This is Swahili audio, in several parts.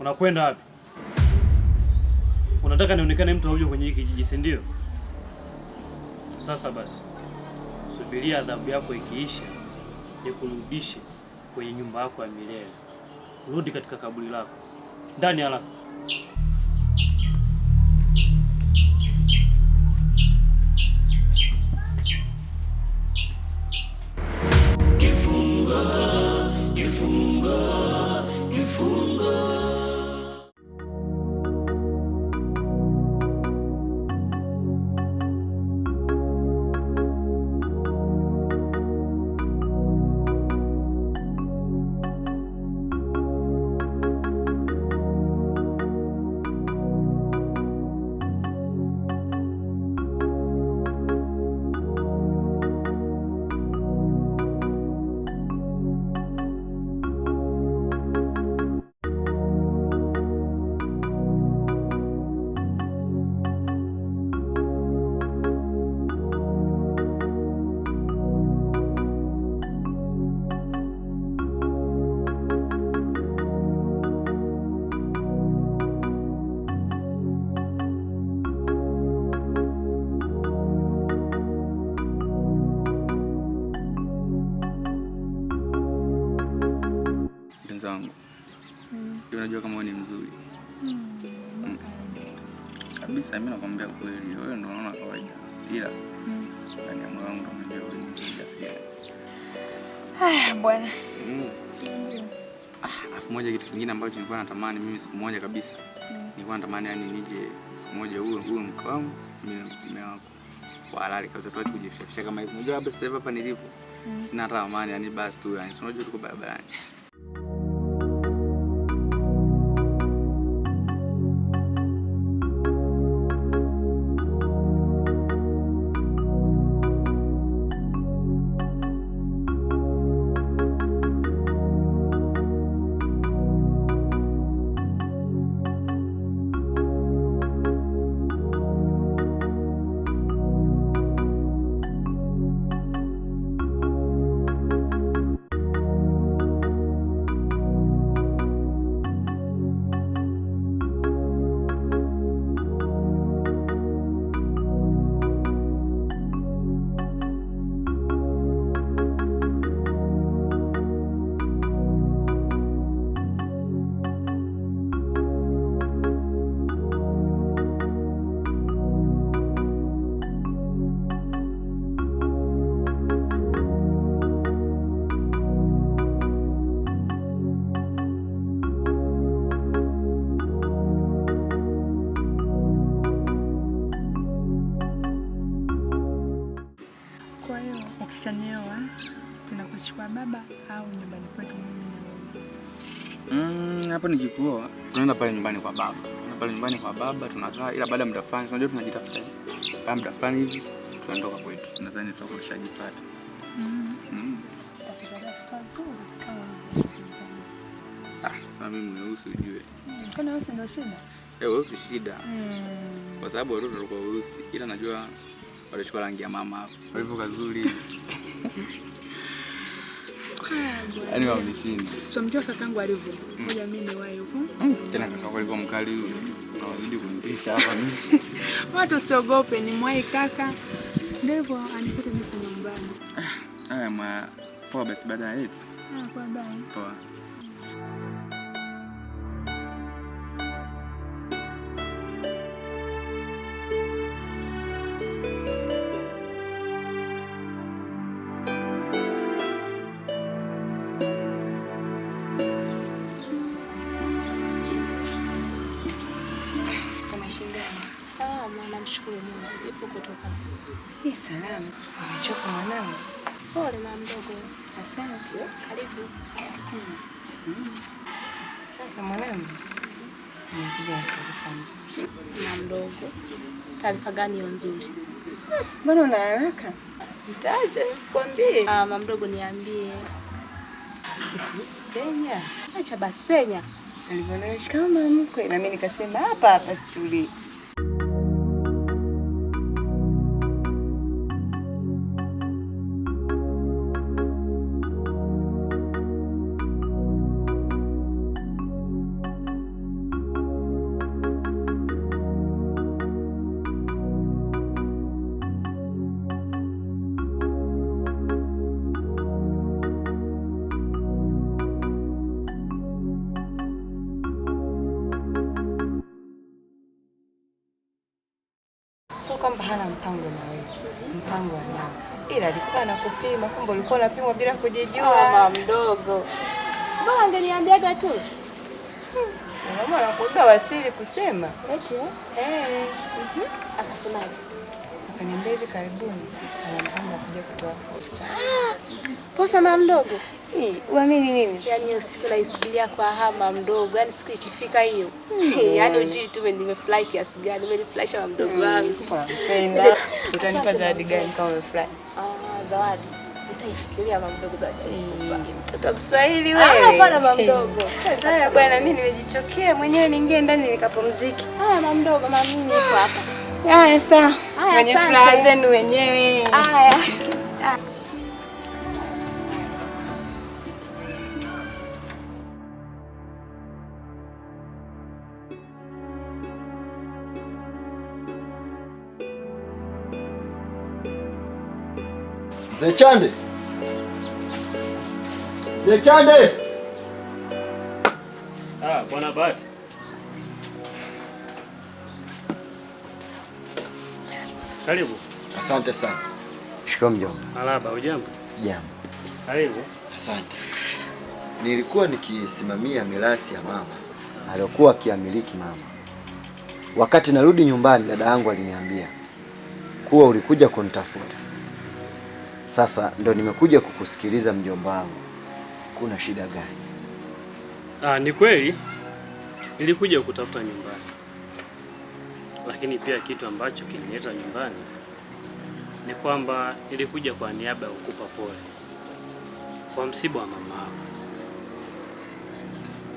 Unakwenda wapi? Unataka nionekane mtu aujo kwenye hiki kijiji, si ndio? Sasa basi, subiria adhabu yako ikiisha, nikurudishe kwenye nyumba yako ya milele. Rudi katika kaburi lako ndani haraka. Mm. Ah, afu moja kitu kingine ambacho nilikuwa natamani mimi siku moja kabisa. Mm. Nilikuwa natamani yani nije siku moja uwe uwe mke wangu mimi mume wangu. Kwa halali kabisa tuache kujifishafisha kama hivi. Unajua hapa sasa hapa nilipo. Mm. Sina hata amani yani basi tu yani unajua tuko barabarani. hapa nikikuoa tunaenda pale nyumbani kwa baba, pale nyumbani kwa baba tunakaa, ila baada ya muda fulani unajua tunajitafuta, baada ya muda fulani hivi tunaondoka kwetu. Nadhani tutakuwa tushajipata. Mm-hmm. Mm. Ah, sasa mimi mweusi ujue mm, eh, weusi shida, mm. kwa sababu watoto walikuwa weusi, ila najua walichukua rangi ya mama hapo, walivyo kazuri yani wamnishindi. So mjua kakangu alivyo. Mm. Ngoja mimi niwahi huko. Mm. Tena kakangu alivyo mkali huyo. Anazidi kunitisha hapa mimi. Watu usiogope, ni mwai kaka. Ndivyo anikute niko nyumbani. Ah, haya mwa poa basi baadaye eti. Ah, poa bye. Poa. kutoka? Ni salama. Nimechoka mwanangu. Pole mama mdogo. Asante. Karibu. Hmm. Sasa mwanangu, nimekuja na taarifa nzuri. Mama mdogo, taarifa gani hiyo nzuri? Mbona una haraka? Nitaje nisikwambie? Ah, mama mdogo, niambie. Sikuhusu Senya. Acha basi Senya. Alivyoniona mama mkwe na mimi nikasema hapa hapa situlie. hana mpango na wewe, mpango anao, ila alikuwa anakupima. Kumbe ulikuwa unapimwa bila kujijua. Oh, mama mdogo, sio angeniambiaga tu hmm. mama anakuaga wasili kusema eti eh, eh. Mhm. akasemaje? Akaniambia hivi karibuni ana mpango wa kuja kutoa posa. Posa mama mdogo Uamini nini? Yaani usiku siku naisikilia kwa hama mdogo, yaani siku ikifika hiyo hmm. Yaani ujui tu nimefurahi kiasi gani, umenifurahisha wa mdogo hmm. wangu. Utanipa zawadi gani kama umefurahi? Ah, zawadi nitaifikiria mama mdogo, zawadi hmm. mtoto Mswahili ah, wewe. Ah, Hapana mama mdogo, haya bwana, mimi nimejichokea mwenyewe, niingie ndani nikapumzike. Haya mama mdogo, mama mimi niko hapa. Haya sawa, mwenye furaha zenu wenyewe. Haya. Mzee Chande, Mzee Chande. Ah, bwana Bahati. Karibu. Asante sana. Shikamoo mjomba. Alaba, hujambo? Sijambo. Karibu. Asante. Nilikuwa nikisimamia mirasi ya mama aliyokuwa akiamiliki mama. Wakati narudi nyumbani, dada yangu aliniambia kuwa ulikuja kunitafuta. Sasa ndo nimekuja kukusikiliza mjomba wangu, kuna shida gani? Ah, ni kweli nilikuja kutafuta nyumbani, lakini pia kitu ambacho kinileta nyumbani ni kwamba nilikuja kwa niaba ya kukupa pole kwa msiba wa mama yako.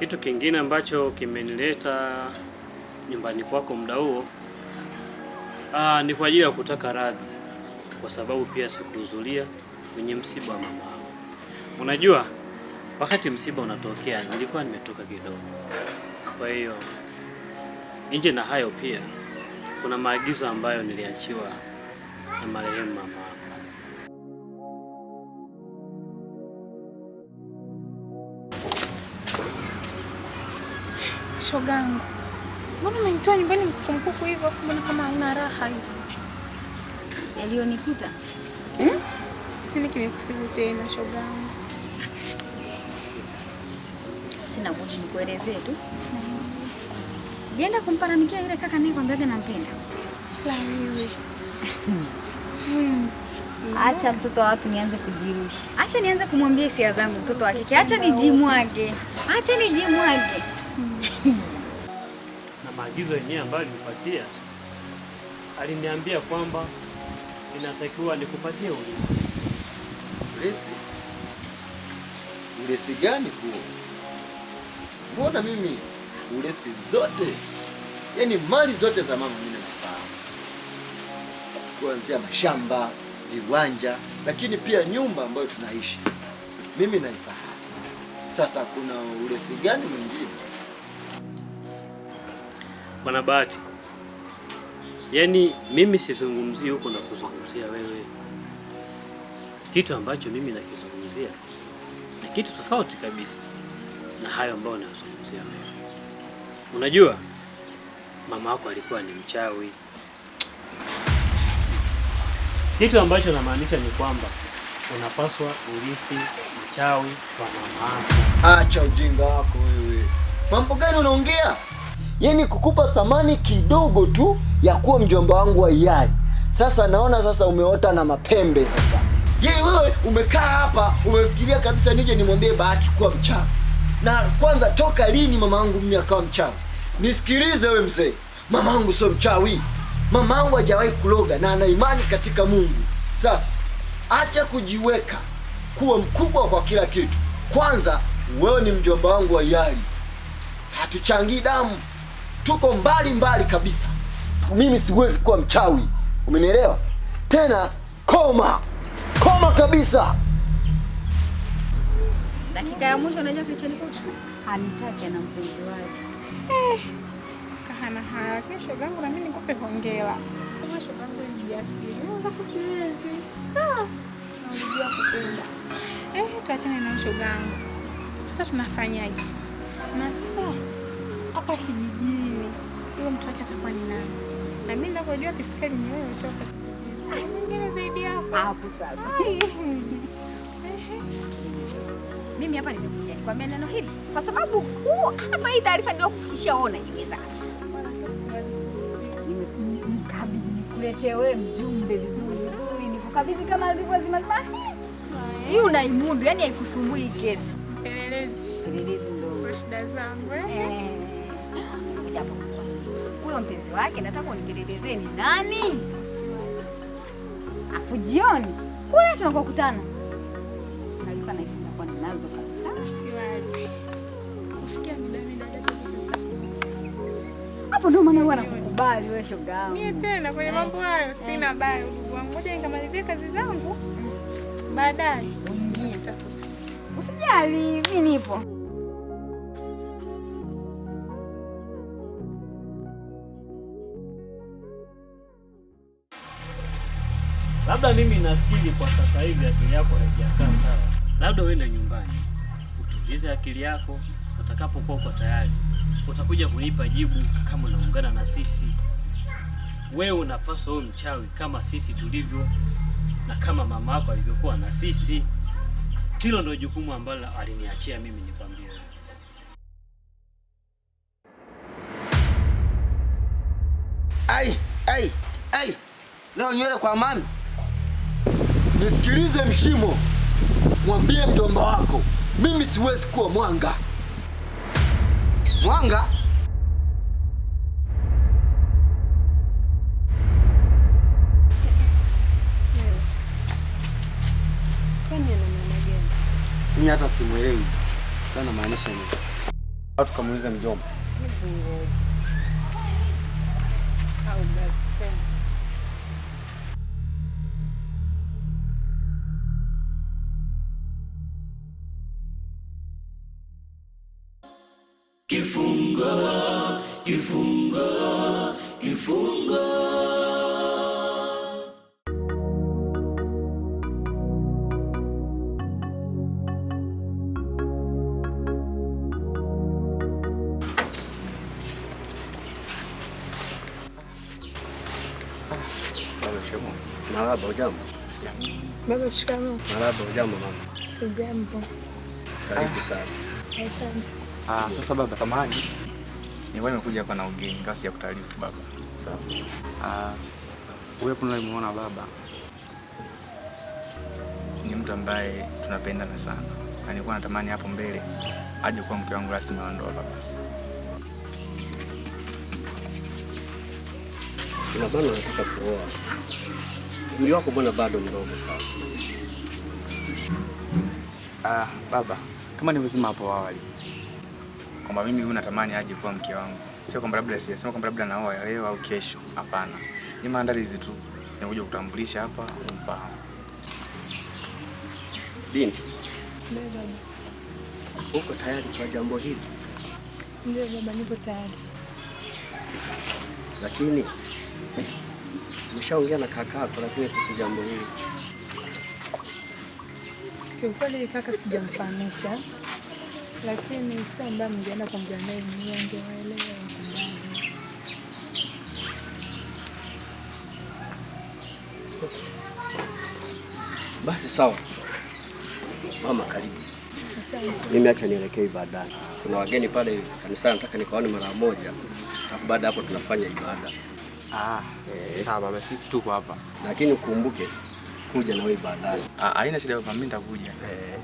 Kitu kingine ambacho kimenileta nyumbani kwako muda huo, ah, ni kwa ajili ya kutaka radhi kwa sababu pia sikuhudhuria kwenye msiba wa mama yangu. Unajua, wakati msiba unatokea nilikuwa nimetoka kidogo, kwa hiyo nje na hayo pia kuna maagizo ambayo niliachiwa na marehemu mama shogangu. Mbona umenitoa nyumbani mkukumkuku hivyo, afu mbona kama hauna raha hivyo? yaliyonikuta hmm? Nini kimekusibu tena shoga? Sina budi nikuelezee tu hmm. Sijaenda kumparamikia yule kaka nilikwambiaga nampenda. La wewe. Hmm. Acha mtoto wake nianze kujirusha. Acha nianze kumwambia hisia zangu mtoto wa kike. Acha nijimwage. Acha nijimwage. Na maagizo yenyewe ambayo nilipatia aliniambia kwamba inatakiwa nikupatie urithi. Urithi? Urithi gani huo? Mbona mimi urithi zote, yaani mali zote za mama mimi nazifahamu, kuanzia mashamba, viwanja, lakini pia nyumba ambayo tunaishi mimi naifahamu. Sasa kuna urithi gani mwingine, Bwana Bahati? Yaani mimi sizungumzii huko na kuzungumzia wewe, kitu ambacho mimi nakizungumzia na kitu tofauti kabisa na hayo ambayo nazungumzia wewe. Unajua mama wako alikuwa ni mchawi. Kitu ambacho namaanisha ni kwamba unapaswa urithi mchawi kwa mama yako. Acha ujinga wako wewe, mambo gani unaongea? Yaani kukupa thamani kidogo tu ya kuwa mjomba wangu wa hiari. Sasa naona sasa umeota na mapembe sasa. Yeye wewe umekaa hapa umefikiria kabisa nije nimwambie Bahati kuwa mchawi. Na kwanza toka lini mama yangu mimi akawa mchawi? Nisikilize wewe mzee. Mama yangu sio mchawi. Mama yangu hajawahi kuloga na ana imani katika Mungu. Sasa acha kujiweka kuwa mkubwa kwa kila kitu. Kwanza wewe ni mjomba wangu wa hiari. Hatuchangii damu. Tuko mbali mbali kabisa mimi siwezi kuwa mchawi, umenielewa? Tena koma koma kabisa. Dakika ya mwisho unajua kilichonikuta, hanitaki na mpenzi wake eh, kahana haya. na mimi nikupe hongera kama mjasiri unaweza kusiwezi ah, kupenda eh, tuachane na Sasa tunafanyaje? Na sasa hapa kijijini huyo mtu wake atakuwa ni nani? na mimi ninavyojua kisikali ni wewe toka mwingine zaidi hapo hapo. Sasa mimi hapa nimekuja nikwambia neno hili kwa sababu huu hapa, hii taarifa ndio ona iweza unaiweza kabisa. Nikabidi nikuletee wewe mjumbe vizuri vizuri, nikukabidhi kama alivyozima zima. Hii unaimudu, yani haikusumbui hii kesi. Pelelezi pelelezi, ndio shida zangu eh. eh alikuwa mpenzi wake. Nataka unipelelezee ni nani? Afu jioni kule tunakokutana nalikuwa nahisi nakuwa ninazo kabisa. Hapo ndio maana huwa nakukubali wewe, shoga. Mimi tena kwenye eh. mambo hayo sina baya, ndugu wangu. Ngoja nikamalizie kazi zangu, baadaye nitafuta. Usijali, mimi nipo. Labda mimi nafikiri kwa sasa hivi akili yako haijakaa sawa, labda uende nyumbani utulize akili yako. Utakapokuwa uko tayari, utakuja kunipa jibu kama unaungana na sisi. Wewe unapaswa wewe mchawi kama sisi tulivyo na kama mama yako alivyokuwa na sisi. Hilo ndio jukumu ambalo aliniachia mimi, nikwambie. Ai, ai, ai, leo nywele kwa mami nisikilize Mshimo, mwambie mjomba wako mimi siwezi kuwa Mwanga. Mwanga mimi hata simwelewi maanisha nini? Watu kamuuliza mjomba. Kifungo, kifungo, kifungo. Marahaba, ujambo. Baba, shikamoo. Marahaba, ujambo mama. Sijambo. Karibu sana. Asante. Ah, sasa baba, samahani. Nilikuwa nimekuja hapa na ugeni kasi ya kutaarifu baba. Sawa. Ah, wewe kuna nimeona baba ni mtu ambaye tunapendana sana. Na nilikuwa natamani hapo mbele aje kuwa mke wangu rasmi wa ndoa baba. Na bado nataka kuoa. Umri wako bwana bado mdogo sana. Ah, baba, kama nilivyosema hapo awali kwamba mimi huyu natamani aje kuwa mke wangu, sio kwamba labda siyasema kwamba labda naoa leo au kesho. Hapana, ni maandalizi tu, nakuja kutambulisha hapa umfahamu. Binti, uko tayari kwa jambo hili? Ndio baba, niko tayari. Lakini umeshaongea na kakako, lakini kuhusu jambo hili kiukweli, kaka sijamfahamisha lakini sio ambaye mngeenda kumjamii angewaelewa basi. Sawa mama, karibu. Mimi acha nielekee baadaye, kuna wageni pale kanisani, nataka nikaone mara moja, alafu baada hapo tunafanya ibada. Ah, eh. Sawa mama, sisi tuko hapa, lakini ukumbuke kuja na wewe bandari. Ah, haina shida mimi nitakuja. Eh.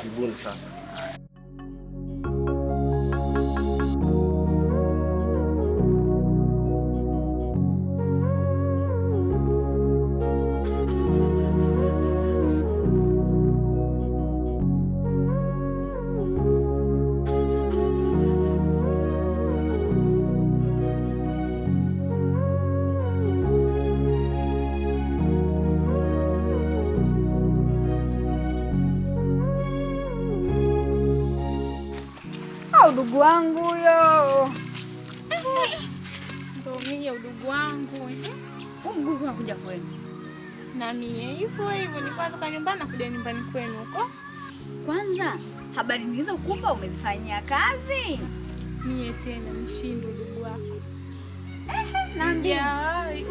Karibuni sana. mguu hivi, huu mguu unakuja kwenu na mie hivyo hivyo, nilikuwa natoka nyumbani nakuja nyumbani kwenu huko. Kwanza habari nilizokupa umezifanyia kazi? Mie tena mshindo ndugu wako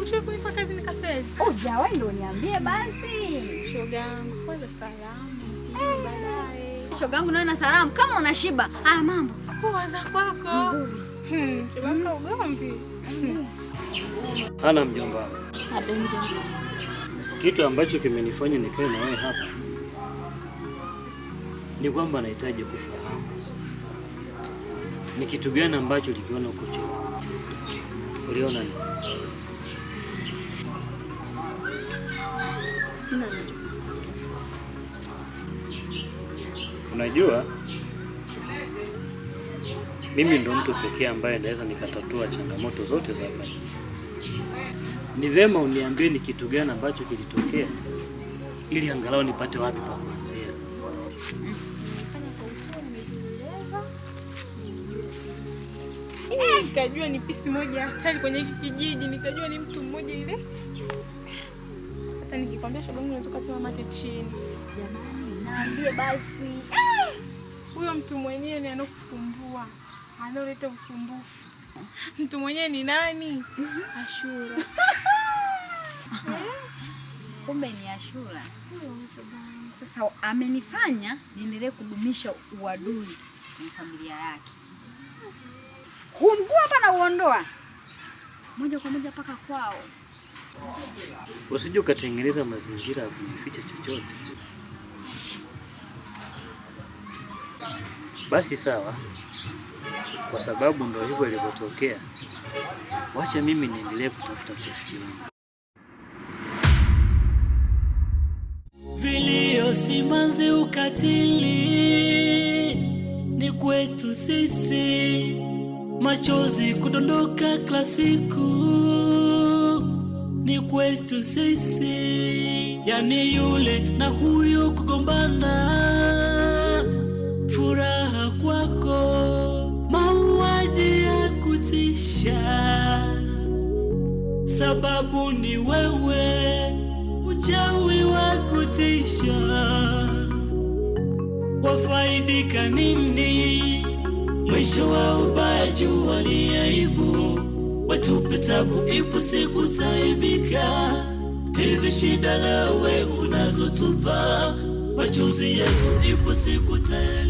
ushakunipa kazi nikafeli. Ujawahi ndio niambie basi. Shoga yangu kwanza, salamu baadaye. Shoga salamu, kama unashiba. aya mambo poa za kwako? Mzuri. Hmm. Shoga yangu ugomvi hmm. Hana mjomba. Kitu ambacho kimenifanya nikae na wewe hapa ni kwamba nahitaji kufahamu ni kitu gani ambacho ulikiona huko chini. Uliona nini? Sina. Unajua, mimi ndo mtu pekee ambaye naweza nikatatua changamoto zote za hapa ni vema uniambie ni kitu gani ambacho kilitokea ili angalau nipate wapi pa kuanzia. Eh, nikajua ni pisi moja hatari kwenye hiki kijiji, nikajua ni mtu mmoja ile. Hata nikikwambia Shabani unaweza kutoa mate chini. Jamani, naambie basi. Ah! Huyo mtu mwenyewe ni anokusumbua, anaoleta usumbufu. mtu mwenyewe ni nani? Mm-hmm. Ashura. Kumbe ni Ashura. Sasa amenifanya niendelee kudumisha uadui kwenye familia yake, humgua hapa na uondoa moja kwa moja mpaka kwao. Usije ukatengeneza mazingira ya kujificha chochote. Basi sawa kwa sababu ndio hivyo ilivyotokea. Wacha mimi niendelee kutafuta utafiti wangu. Vilio, simanzi, ukatili ni kwetu sisi, machozi kudondoka kila siku ni kwetu sisi, yani yule na huyu kugombana sababu ni wewe, uchawi wa kutisha, wafaidika nini? Mwisho wa ubaya jua ni aibu, watupe tabu, ipo siku taibika. Hizi shida lawe unazotupa, machozi yetu, ipo siku ta